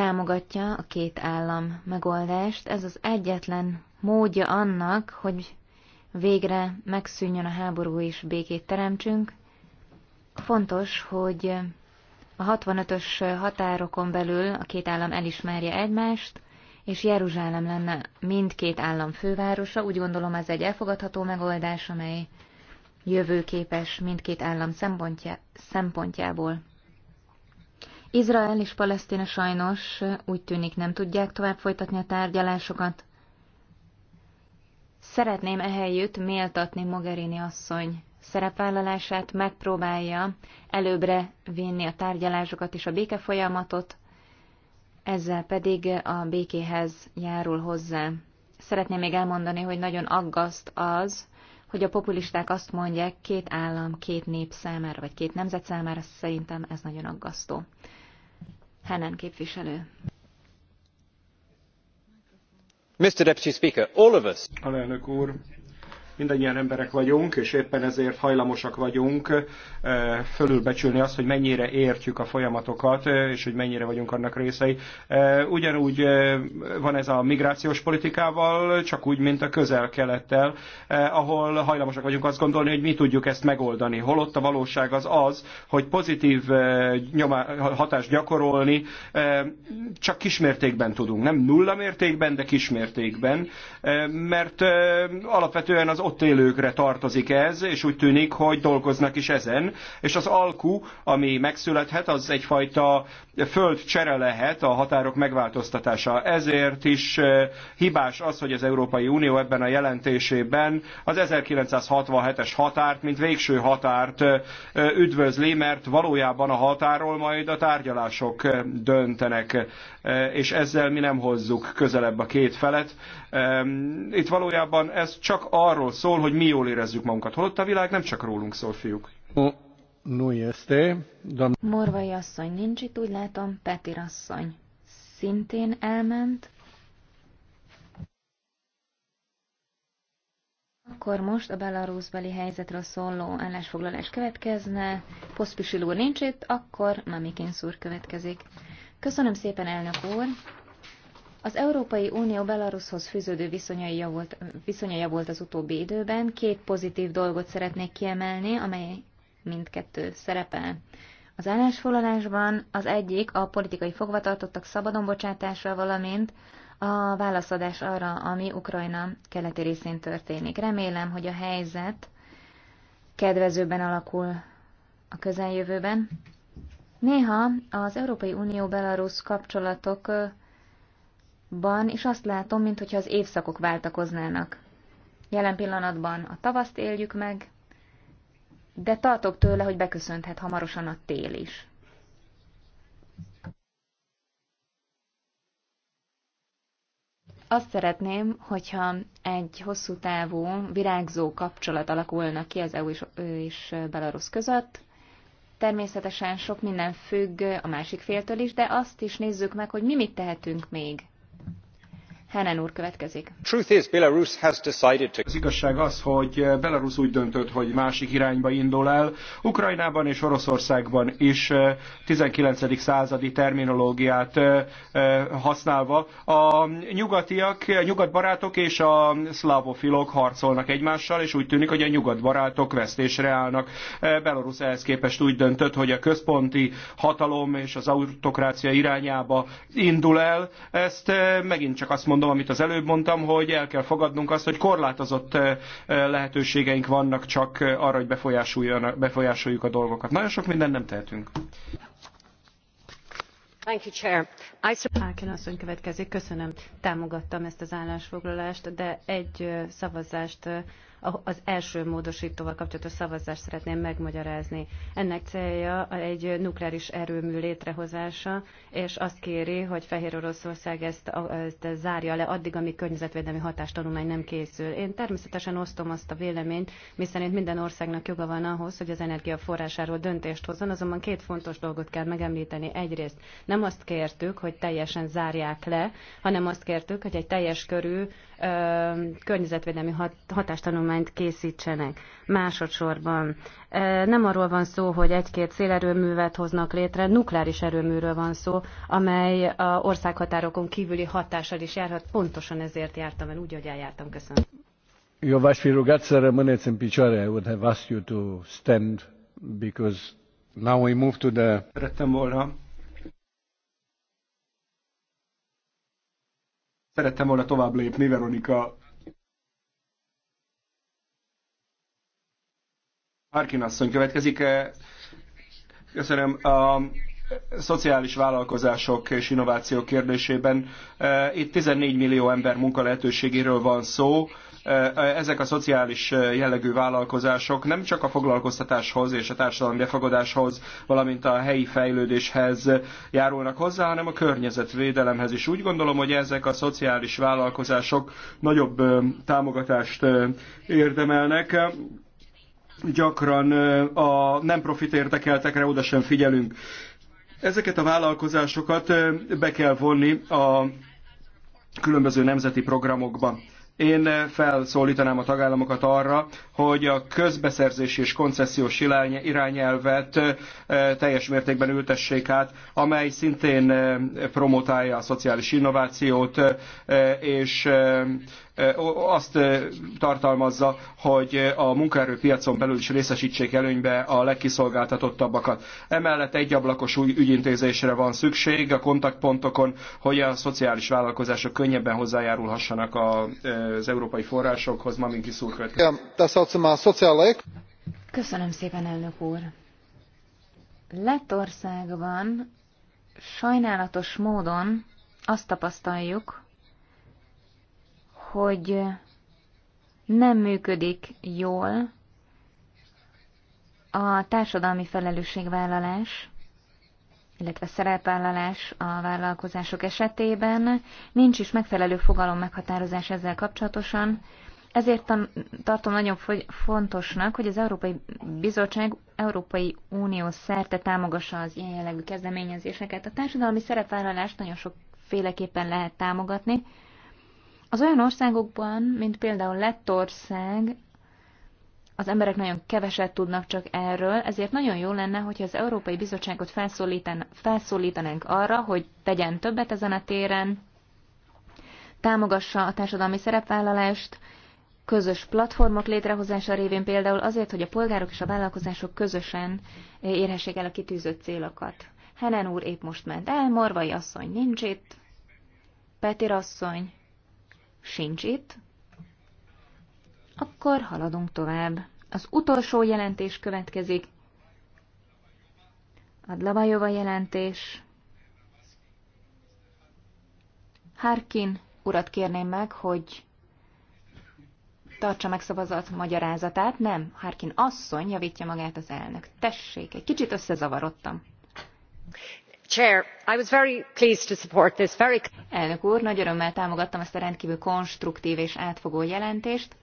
támogatja a két állam megoldást. Ez az egyetlen módja annak, hogy végre megszűnjön a háború és békét teremtsünk. Fontos, hogy a 65-ös határokon belül a két állam elismerje egymást, és Jeruzsálem lenne mindkét állam fővárosa. Úgy gondolom ez egy elfogadható megoldás, amely jövőképes mindkét állam szempontja, szempontjából. Izrael és Palesztina sajnos úgy tűnik nem tudják tovább folytatni a tárgyalásokat. Szeretném ehelyütt méltatni Mogherini asszony szerepvállalását, megpróbálja előbbre vinni a tárgyalásokat és a békefolyamatot, ezzel pedig a békéhez járul hozzá. Szeretném még elmondani, hogy nagyon aggaszt az, hogy a populisták azt mondják, két állam, két nép számára, vagy két nemzet számára, szerintem ez nagyon aggasztó. Hennen képviselő. Mr. Deputy Speaker, all of us. Alelnök úr, mindannyian emberek vagyunk, és éppen ezért hajlamosak vagyunk eh, fölülbecsülni azt, hogy mennyire értjük a folyamatokat, eh, és hogy mennyire vagyunk annak részei. Eh, ugyanúgy van ez a migrációs politikával, csak úgy, mint a közel-kelettel, ahol hajlamosak vagyunk azt gondolni, hogy mi tudjuk ezt megoldani. Holott a valóság az az, hogy pozitív nyoma, hatást gyakorolni csak kismértékben tudunk. Nem nulla mértékben, de kismértékben, mert alapvetően az ott élőkre tartozik ez, és úgy tűnik, hogy dolgoznak is ezen. És az alku, ami megszülethet, az egyfajta földcsere lehet a határok megváltoztatása. Ezért is eh, hibás az, hogy az Európai Unió ebben a jelentésében az 1967-es határt, mint végső határt eh, üdvözli, mert valójában a határól majd a tárgyalások eh, döntenek, és ezzel mi nem hozzuk közelebb a két felet. Itt valójában ez csak arról szól, hogy mi jól érezzük magunkat. Holott a világ nem csak rólunk szól, fiúk. No, este, Morvai asszony nincs itt, úgy látom, Petir asszony szintén elment. Akkor most a belarúzbeli helyzetről szóló állásfoglalás következne. Poszpisil úr nincs itt, akkor Mamikin úr következik. Köszönöm szépen, elnök úr! Az Európai Unió Belarushoz fűződő viszonyai javult, viszonya javult az utóbbi időben. Két pozitív dolgot szeretnék kiemelni, amely mindkettő szerepel. Az állásfoglalásban az egyik a politikai fogvatartottak szabadon bocsátása, valamint a válaszadás arra, ami Ukrajna keleti részén történik. Remélem, hogy a helyzet kedvezőben alakul a közeljövőben. Néha az Európai Unió-Belarus kapcsolatok ban, és azt látom, mintha az évszakok váltakoznának. Jelen pillanatban a tavaszt éljük meg, de tartok tőle, hogy beköszönthet hamarosan a tél is. Azt szeretném, hogyha egy hosszú távú, virágzó kapcsolat alakulna ki az EU és, és Belarus között. Természetesen sok minden függ a másik féltől is, de azt is nézzük meg, hogy mi mit tehetünk még Hanen úr következik. Az igazság az, hogy Belarus úgy döntött, hogy másik irányba indul el. Ukrajnában és Oroszországban is 19. Eh, századi terminológiát eh, eh, használva a nyugatiak, a nyugatbarátok és a szlávofilok harcolnak egymással, és úgy tűnik, hogy a nyugatbarátok vesztésre állnak. Belarus ehhez képest úgy döntött, hogy a központi hatalom és az autokrácia irányába indul el. Ezt megint csak azt mondom, mondom, amit az előbb mondtam, hogy el kell fogadnunk azt, hogy korlátozott lehetőségeink vannak csak arra, hogy befolyásoljuk a dolgokat. Nagyon sok mindent nem tehetünk. Áken asszony következik. Köszönöm. Támogattam ezt az állásfoglalást, de egy szavazást az első módosítóval kapcsolatos szavazást szeretném megmagyarázni. Ennek célja egy nukleáris erőmű létrehozása, és azt kéri, hogy Fehér Oroszország ezt, ezt zárja le addig, amíg környezetvédelmi hatástanulmány nem készül. Én természetesen osztom azt a véleményt, miszerint minden országnak joga van ahhoz, hogy az energiaforrásáról döntést hozzon, azonban két fontos dolgot kell megemlíteni. Egyrészt nem azt kértük, hogy teljesen zárják le, hanem azt kértük, hogy egy teljes körű ö, környezetvédelmi hat, hatástanulmány tanulmányt készítsenek. Másodszorban nem arról van szó, hogy egy-két szélerőművet hoznak létre, nukleáris erőműről van szó, amely a országhatárokon kívüli hatással is járhat. Pontosan ezért jártam el, úgy, hogy eljártam. Köszönöm. Jó, v-aș fi rugat I would have asked you to stand because now we move to the... Szerettem volna szerettem volna tovább lépni Veronika Harkin asszony következik. Köszönöm. A szociális vállalkozások és innováció kérdésében e, itt 14 millió ember munkalehetőségéről van szó. E, ezek a szociális jellegű vállalkozások nem csak a foglalkoztatáshoz és a társadalmi befogadáshoz, valamint a helyi fejlődéshez járulnak hozzá, hanem a környezetvédelemhez is. Úgy gondolom, hogy ezek a szociális vállalkozások nagyobb e, támogatást érdemelnek gyakran a nem profit érdekeltekre oda sem figyelünk. Ezeket a vállalkozásokat be kell vonni a különböző nemzeti programokba. Én felszólítanám a tagállamokat arra, hogy a közbeszerzési és koncesziós irányelvet teljes mértékben ültessék át, amely szintén promotálja a szociális innovációt, és azt tartalmazza, hogy a munkaerőpiacon belül is részesítsék előnybe a legkiszolgáltatottabbakat. Emellett egyablakos új ügyintézésre van szükség a kontaktpontokon, hogy a szociális vállalkozások könnyebben hozzájárulhassanak az európai forrásokhoz. Maminki szúr következik. Köszönöm szépen, elnök úr. Lettországban sajnálatos módon azt tapasztaljuk, hogy nem működik jól a társadalmi felelősségvállalás, illetve szerepvállalás a vállalkozások esetében. Nincs is megfelelő fogalom meghatározás ezzel kapcsolatosan, ezért tartom nagyon fontosnak, hogy az Európai Bizottság Európai Unió szerte támogassa az ilyen jellegű kezdeményezéseket. A társadalmi szerepvállalást nagyon sokféleképpen lehet támogatni, az olyan országokban, mint például Lettország, az emberek nagyon keveset tudnak csak erről, ezért nagyon jó lenne, hogyha az Európai Bizottságot felszólítan, felszólítanánk arra, hogy tegyen többet ezen a téren, támogassa a társadalmi szerepvállalást, közös platformok létrehozása révén például azért, hogy a polgárok és a vállalkozások közösen érhessék el a kitűzött célokat. Henen úr épp most ment el, Morvai asszony nincs itt, Petir asszony sincs itt, akkor haladunk tovább. Az utolsó jelentés következik. A Dlabajova jelentés. Harkin urat kérném meg, hogy tartsa meg szavazat magyarázatát. Nem, Harkin asszony javítja magát az elnök. Tessék, egy kicsit összezavarodtam elnök úr nagy örömmel támogattam ezt a rendkvül konstruktv és átfogó jelentést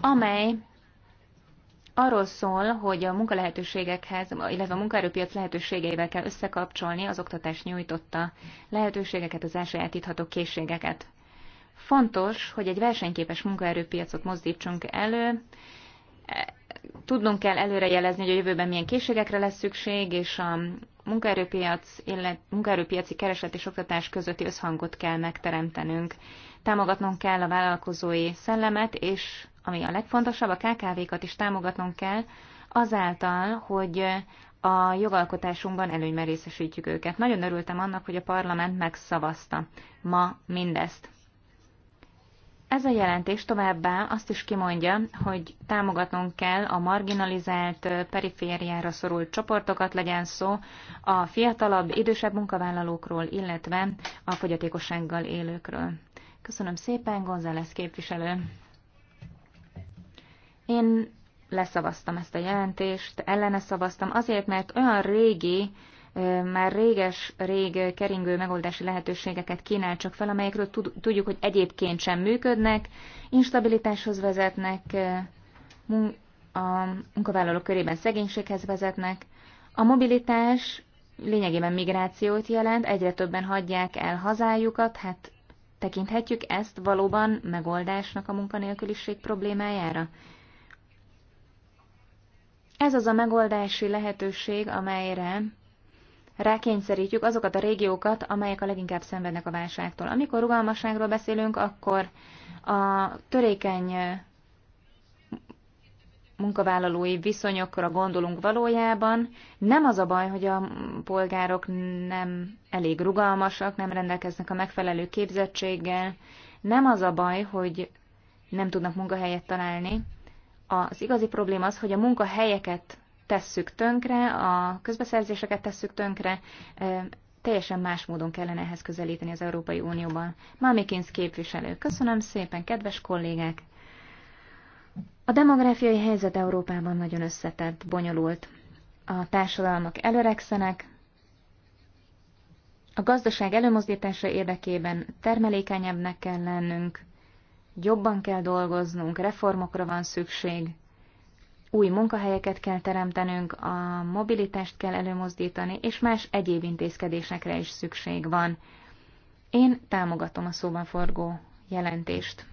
amely arról szól hogy a munkalehetőségekhez illetve a munkaerőpiac lehetőségeivel kell összekapcsolni az oktatás nyújtotta lehetőségeket az elsajáttható készségeket. fontos hogy egy versenyképes munkaerőpiacot mozdtsunk elő tudnunk kell előre jelezni, hogy a jövőben milyen készségekre lesz szükség, és a munkaerőpiac, illet, munkaerőpiaci kereslet és oktatás közötti összhangot kell megteremtenünk. Támogatnunk kell a vállalkozói szellemet, és ami a legfontosabb, a KKV-kat is támogatnunk kell, azáltal, hogy a jogalkotásunkban előnyben részesítjük őket. Nagyon örültem annak, hogy a parlament megszavazta ma mindezt. Ez a jelentés továbbá azt is kimondja, hogy támogatnunk kell a marginalizált perifériára szorult csoportokat, legyen szó a fiatalabb, idősebb munkavállalókról, illetve a fogyatékossággal élőkről. Köszönöm szépen, González képviselő. Én leszavaztam ezt a jelentést, ellene szavaztam azért, mert olyan régi, már réges-rég keringő megoldási lehetőségeket kínál csak fel, amelyekről tudjuk, hogy egyébként sem működnek, instabilitáshoz vezetnek, a munkavállalók körében szegénységhez vezetnek. A mobilitás lényegében migrációt jelent, egyre többen hagyják el hazájukat, hát tekinthetjük ezt valóban megoldásnak a munkanélküliség problémájára? Ez az a megoldási lehetőség, amelyre rákényszerítjük azokat a régiókat, amelyek a leginkább szenvednek a válságtól. Amikor rugalmasságról beszélünk, akkor a törékeny munkavállalói viszonyokra gondolunk valójában. Nem az a baj, hogy a polgárok nem elég rugalmasak, nem rendelkeznek a megfelelő képzettséggel, nem az a baj, hogy nem tudnak munkahelyet találni. Az igazi probléma az, hogy a munkahelyeket tesszük tönkre, a közbeszerzéseket tesszük tönkre, teljesen más módon kellene ehhez közelíteni az Európai Unióban. Mamikinsz képviselő, köszönöm szépen, kedves kollégák! A demográfiai helyzet Európában nagyon összetett, bonyolult. A társadalmak előregszenek, a gazdaság előmozdítása érdekében termelékenyebbnek kell lennünk, jobban kell dolgoznunk, reformokra van szükség, új munkahelyeket kell teremtenünk, a mobilitást kell előmozdítani, és más egyéb intézkedésekre is szükség van. Én támogatom a szóban forgó jelentést.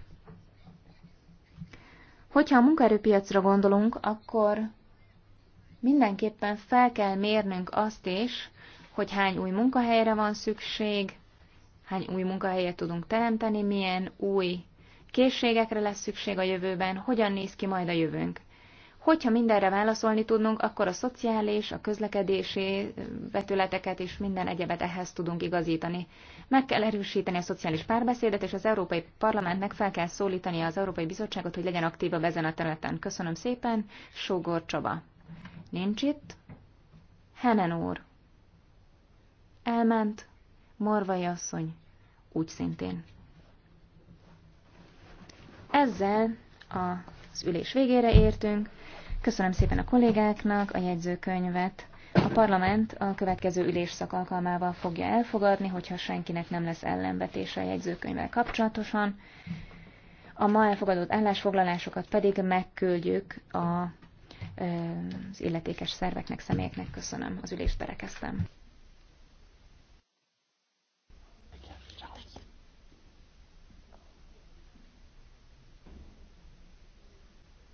Hogyha a munkaerőpiacra gondolunk, akkor mindenképpen fel kell mérnünk azt is, hogy hány új munkahelyre van szükség, hány új munkahelyet tudunk teremteni, milyen új készségekre lesz szükség a jövőben, hogyan néz ki majd a jövőnk. Hogyha mindenre válaszolni tudnunk, akkor a szociális, a közlekedési vetületeket és minden egyebet ehhez tudunk igazítani. Meg kell erősíteni a szociális párbeszédet, és az Európai Parlamentnek fel kell szólítani az Európai Bizottságot, hogy legyen aktívabb ezen a területen. Köszönöm szépen, Sógor Csaba. Nincs itt. Henen úr. Elment. Morvai asszony. Úgy szintén. Ezzel az ülés végére értünk. Köszönöm szépen a kollégáknak a jegyzőkönyvet. A parlament a következő ülésszak alkalmával fogja elfogadni, hogyha senkinek nem lesz ellenvetése a jegyzőkönyvvel kapcsolatosan. A ma elfogadott állásfoglalásokat pedig megküldjük a, az illetékes szerveknek, személyeknek. Köszönöm. Az ülést berekeztem.